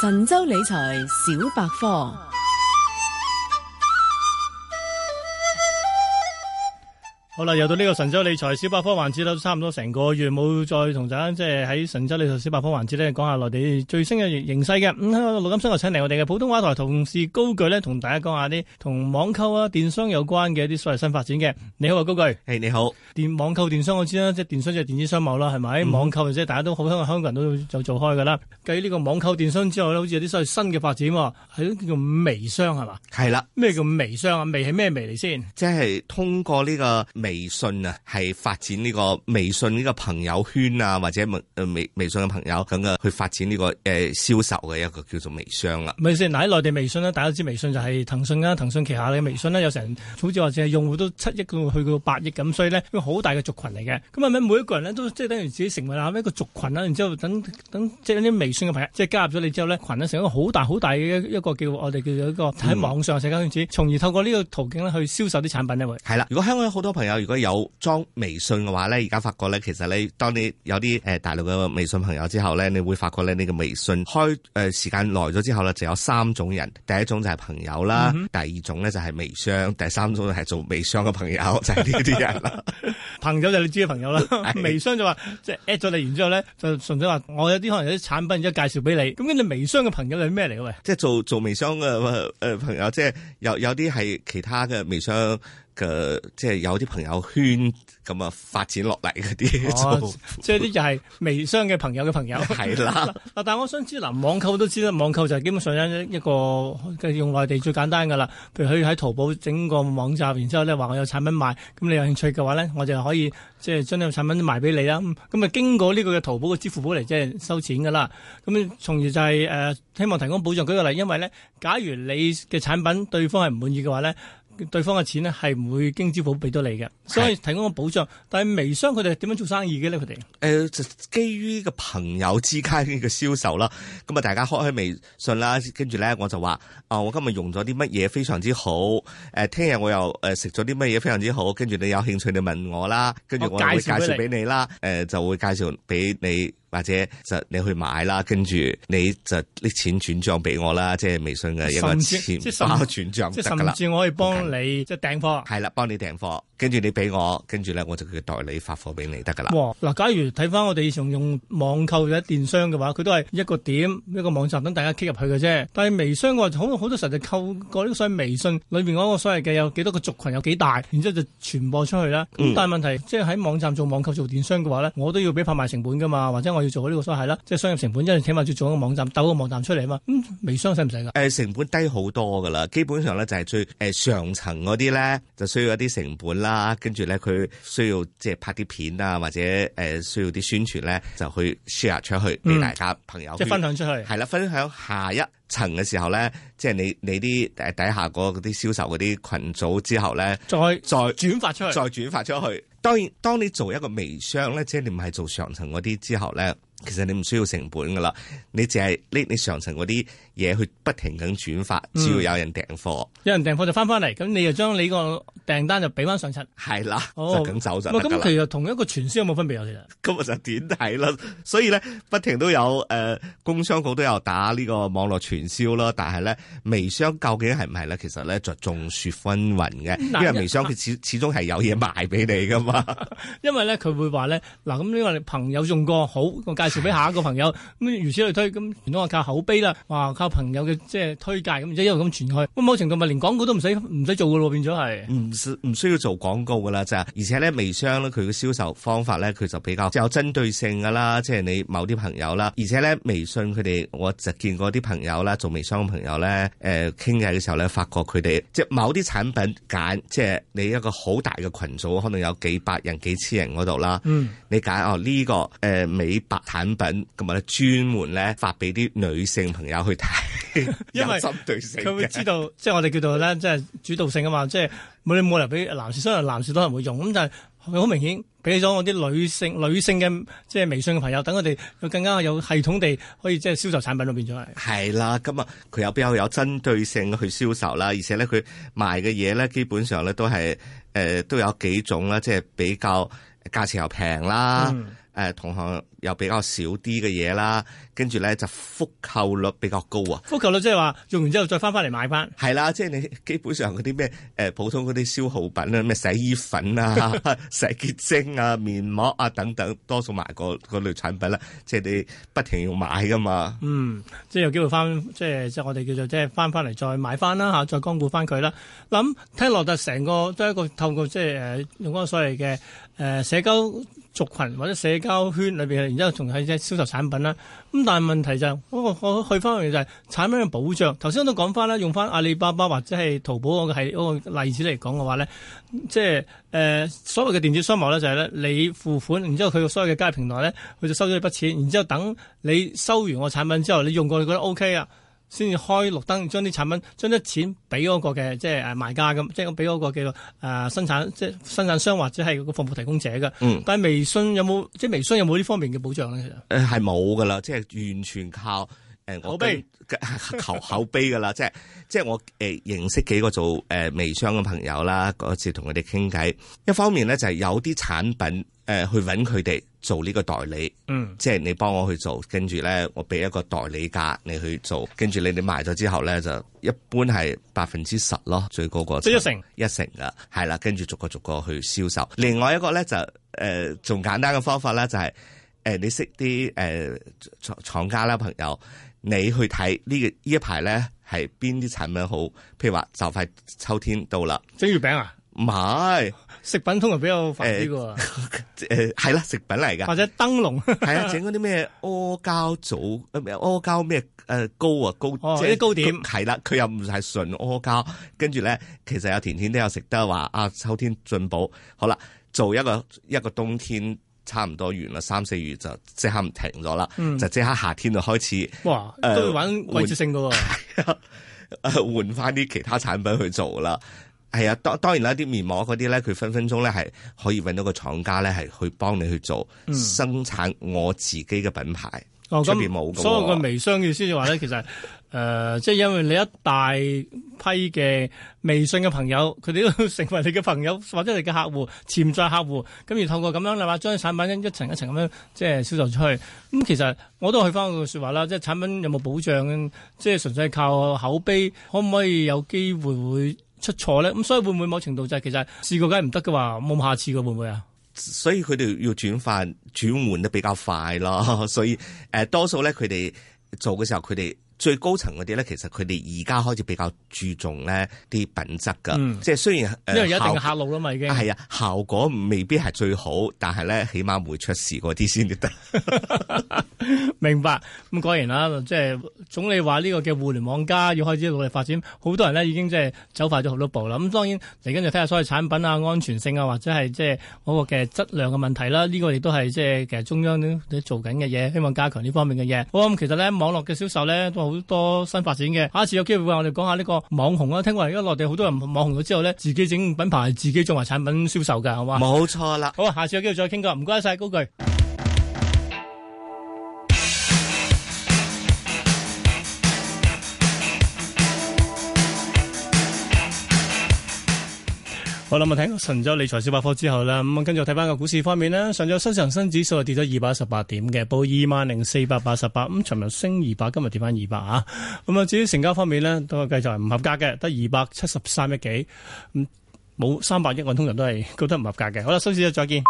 神州理財小百科。好啦，又到呢個神州理財小百科環節啦，差唔多成個月冇再同大家，即係喺神州理財小百科環節呢講下內地最新嘅形形勢嘅。咁香港錄音室又請嚟我哋嘅普通話台同事高炬呢，同大家講下啲同網購啊、電商有關嘅一啲所謂新發展嘅。你好啊，高炬，係、hey, 你好。電網購電商我知啦，即係電商就電子商務啦，係咪？嗯、網購即係大家都好香，香港人都有做開噶啦。繼呢個網購電商之後呢，好似有啲所謂新嘅發展，係叫微商係嘛？係啦。咩的叫微商啊？微係咩微嚟先？即係通過呢個。微信啊，係發展呢個微信呢個朋友圈啊，或者微、呃、微信嘅朋友咁嘅去發展呢、呢個誒銷、呃、售嘅一個叫做微商啦、啊。咪先，嗱喺內地微信呢，大家知微信就係騰訊啦，騰訊旗下嘅微信咧，有成好似話只係用戶都七億到去到八億咁，所以呢，佢好大嘅族群嚟嘅。咁啊，每每一個人呢，都即係等於自己成為啦一個族群啦，然之後等等即係啲微信嘅朋友即係加入咗你之後呢，群呢成一個好大好大嘅一個叫我哋叫做一個喺網上社交圈子，從、嗯、而透過呢個途徑去銷售啲產品呢會係啦。如果香港有好多朋友。如果有裝微信嘅話咧，而家發覺咧，其實你當你有啲誒大陸嘅微信朋友之後咧，你會發覺咧，你嘅微信開誒時間耐咗之後咧，就有三種人，第一種就係朋友啦，第二種咧就係微商，第三種就係做微商嘅朋友，就係呢啲人啦。 朋友就係你知嘅朋友啦，是微商就話即係 at 咗你，然之後咧就純粹話，我有啲可能有啲產品，然之後介紹俾你。咁跟住微商嘅朋友係咩嚟嘅喂？即係做做微商嘅誒朋友，即係有有啲係其他嘅微商。嘅即係有啲朋友圈咁啊發展落嚟嗰啲，哦、 即係啲就係微商嘅朋友嘅朋友。係啦，嗱，但係我想知，嗱，網購都知啦，網購就係基本上一一個用內地最簡單噶啦。譬如佢喺淘寶整個網站，然之後呢話我有產品賣，咁你有興趣嘅話呢，我就可以即係將呢個產品賣俾你啦。咁啊，經過呢個嘅淘寶嘅支付寶嚟即係收錢噶啦。咁從而就係、是、誒、呃、希望提供保障。舉個例，因為呢，假如你嘅產品對方係唔滿意嘅話呢。對方嘅錢咧係唔會經支付寶俾到你嘅，所以提供個保障。是但係微商佢哋係點樣做生意嘅咧？佢哋誒就基於個朋友之間嘅銷售啦，咁啊大家開開微信啦，跟住咧我就話啊、哦，我今日用咗啲乜嘢非常之好，誒聽日我又誒食咗啲乜嘢非常之好，跟住你有興趣你問我啦，跟住我會介紹俾你啦，誒就會介紹俾你。哦介或者就你去買啦，跟住你就搦錢轉賬俾我啦，即係微信嘅一個錢包轉賬就得啦，甚至，甚，至甚至我可以幫你即係訂貨，係啦 Okay.，幫你訂貨。跟住你俾我，跟住咧我就叫代理發貨俾你得噶啦。嗱，假如睇翻我哋以前用網購或者電商嘅話，佢都係一個點一個網站等大家傾入去嘅啫。但係微商嘅話，好好多時候就扣過呢個所謂微信裏面嗰個所謂嘅有幾多個族群有幾大，然之後就傳播出去啦。但係問題、嗯、即係喺網站做網購做電商嘅話咧，我都要俾拍賣成本噶嘛，或者我要做呢個所謂啦，即係商業成本，因為起碼要做一個網站，鬥個網站出嚟啊嘛。嗯，微商使唔使噶？誒、呃，成本低好多噶啦，基本上咧就係最誒、呃、上層嗰啲咧就需要一啲成本啦。跟住咧，佢需要即係拍啲片啊，或者誒需要啲宣傳咧，就去 share 出去俾、嗯、大家朋友，即係分享出去，係啦，分享下一層嘅時候咧，即係你你啲誒底下嗰啲銷售嗰啲群組之後咧，再再轉發出去，再轉發出去。當然，當你做一個微商咧，即係你唔係做上層嗰啲之後咧，其實你唔需要成本噶啦，你淨係拎你上層嗰啲嘢去不停咁轉發，只要有人訂貨、嗯，有人訂貨就翻翻嚟，咁你就將你、這個。訂單就俾翻上七，係啦，哦、就咁走就咁。其實同一個傳銷有冇分別啊？其實今日就點睇啦，所以咧不停都有誒、呃，工商局都有打呢個網絡傳銷啦。但係咧，微商究竟係唔係咧？其實咧就眾說紛紜嘅。那因為微商佢始、啊、始終係有嘢賣俾你噶嘛因因為咧佢會話咧嗱，咁呢個你朋友用過好，我介紹俾下一個朋友咁， 如此類推，咁全都係靠口碑啦，話，靠朋友嘅即係推介，咁然之後一路咁傳去，咁某程度咪連廣告都唔使唔使做噶咯，變咗係。嗯唔需要做廣告噶啦，就係而且咧微商咧佢嘅銷售方法咧佢就比較有針對性噶啦，即係你某啲朋友啦，而且咧微信佢哋，我就見過啲朋友啦做微商嘅朋友咧，誒傾偈嘅時候咧發覺佢哋，即係某啲產品揀，即係你一個好大嘅群組，可能有幾百人、幾千人嗰度啦，嗯，你揀哦呢、呢個誒、呃、美白產品咁呢專門咧發俾啲女性朋友去睇。 因為佢會知道， 即係我哋叫做咧，即係主導性啊嘛， 即係冇你冇理由俾男士，雖然男士多人會用，咁但係好明顯俾咗我啲女性、女性嘅即係微信嘅朋友，等佢哋更加有系統地可以即係銷售產品裏面咗嚟。係啦，咁啊，佢有比較有針對性去銷售啦，而且咧，佢賣嘅嘢咧，基本上咧都係誒、呃、都有幾種啦，即係比較價錢又平啦。嗯誒同行又比較少啲嘅嘢啦，跟住咧就復購率比較高啊！復購率即係話用完之後再翻翻嚟買翻，係啦，即係你基本上嗰啲咩誒普通嗰啲消耗品啦，咩洗衣粉啊、 洗潔精啊、面膜啊等等，多數賣個嗰類產品啦，即係你不停要買噶嘛。嗯，即係有機會翻，即係即係我哋叫做即係翻翻嚟再買翻啦嚇再光顧翻佢啦。咁聽落就成個都係一個透過即係誒用嗰個所謂嘅誒社交。族群或者社交圈裏邊，然之後仲係即係銷售產品啦。咁但係問題就係，我我去翻去就係產品嘅保障。頭先我都講翻啦，用翻阿里巴巴或者係淘寶，我係嗰個例子嚟講嘅話咧，即係誒、呃、所謂嘅電子商貿咧，就係咧你付款，然之後佢嘅所有嘅交易平台咧，佢就收咗你筆錢，然之後等你收完我產品之後，你用過你覺得 O K 啊？先至開綠燈，將啲產品、將啲錢俾嗰個嘅即係誒賣家咁，即係我俾嗰個叫做誒生產即生產商或者係個服務提供者嘅。嗯，但係微信有冇即係微信有冇呢方面嘅保障咧？其實誒係冇㗎啦，即係完全靠。誒，我求口碑噶啦， 即係即係我誒、呃、認識幾個做誒微商嘅朋友啦，嗰次同佢哋傾偈，一方面咧就係、是、有啲產品誒、呃、去搵佢哋做呢個代理，嗯，即係你幫我去做，跟住咧我俾一個代理價你去做，跟住你哋賣咗之後咧就一般係百分之十咯，最高個即一成一成噶，係啦，跟住逐個逐個去銷售。另外一個咧就誒仲、呃、簡單嘅方法咧就係、是、誒、呃、你識啲誒廠廠家啦朋友。你去睇呢個呢一排咧，係邊啲產品好？譬如話就快秋天到啦，整月餅啊？唔係，食品通常比較煩啲個。誒，係啦，食品嚟噶。或者燈籠。係 啊，整嗰啲咩阿膠棗、阿膠咩誒糕啊糕，即係糕點。係啦，佢又唔係純阿膠，跟住咧，其實阿甜甜都有食得話啊，秋天進補。好啦，做一個一個冬天。差唔多完啦，三四月就即刻唔停咗啦，嗯、就即刻夏天就開始。哇，都會玩季節性噶喎，換翻啲其他產品去做啦。係啊，當當然啦，啲面膜嗰啲咧，佢分分鐘咧係可以搵到個廠家咧，係去幫你去做、嗯、生產我自己嘅品牌。年咁、哦哦、所有嘅微商嘅意思就話、是、咧， 其實誒，即、呃、係、就是、因為你一大批嘅微信嘅朋友，佢哋都成為你嘅朋友或者你嘅客戶潛在客戶，咁而透過咁樣你話將產品一層一層咁樣即係銷售出去。咁、嗯、其實我都去翻個說話啦，即、就、係、是、產品有冇保障？即、就、係、是、純粹靠口碑，可唔可以有機會會出錯咧？咁、嗯、所以會唔會某程度就係、是、其實試過梗係唔得嘅話，冇下次嘅會唔會啊？所以佢哋要轉化轉換得比較快咯，所以誒、呃、多數咧佢哋做嘅時候佢哋。佢哋最高層嗰啲咧，其實佢哋而家開始比較注重呢啲品質㗎，嗯、即係雖然因為有一定客路啦嘛，果啊、已經係啊效果未必係最好，嗯、但係咧起碼唔會出事嗰啲先至得。 明白咁果然啦，即係總理話呢個嘅互聯網加要開始努力發展，好多人呢已經即係走快咗好多步啦。咁當然嚟緊就睇下所謂產品啊、安全性啊，或者係即係嗰個嘅質量嘅問題啦。呢個亦都係即係其實中央都做緊嘅嘢，希望加強呢方面嘅嘢。好咁，其實呢，網絡嘅銷售呢。好多新發展嘅，下次有機會會我哋講下呢個網紅啊。聽聞而家內地好多人網紅咗之後咧，自己整品牌，自己做埋產品銷售㗎，好嘛？冇錯啦。好啊，下次有機會再傾過，唔該晒高炬。好啦，我、嗯、聽《神州理財小百科》之後啦，咁、嗯、跟住睇翻個股市方面咧，上晝收恆生指數係跌咗二百一十八點嘅，報二萬零四百八十八。咁尋日升二百，今日跌翻二百啊。咁、嗯、啊，至於成交方面呢，都係繼續係唔合格嘅，得二百七十三億幾，咁冇三百億。億我通常都係覺得唔合格嘅。好啦，收市日再見。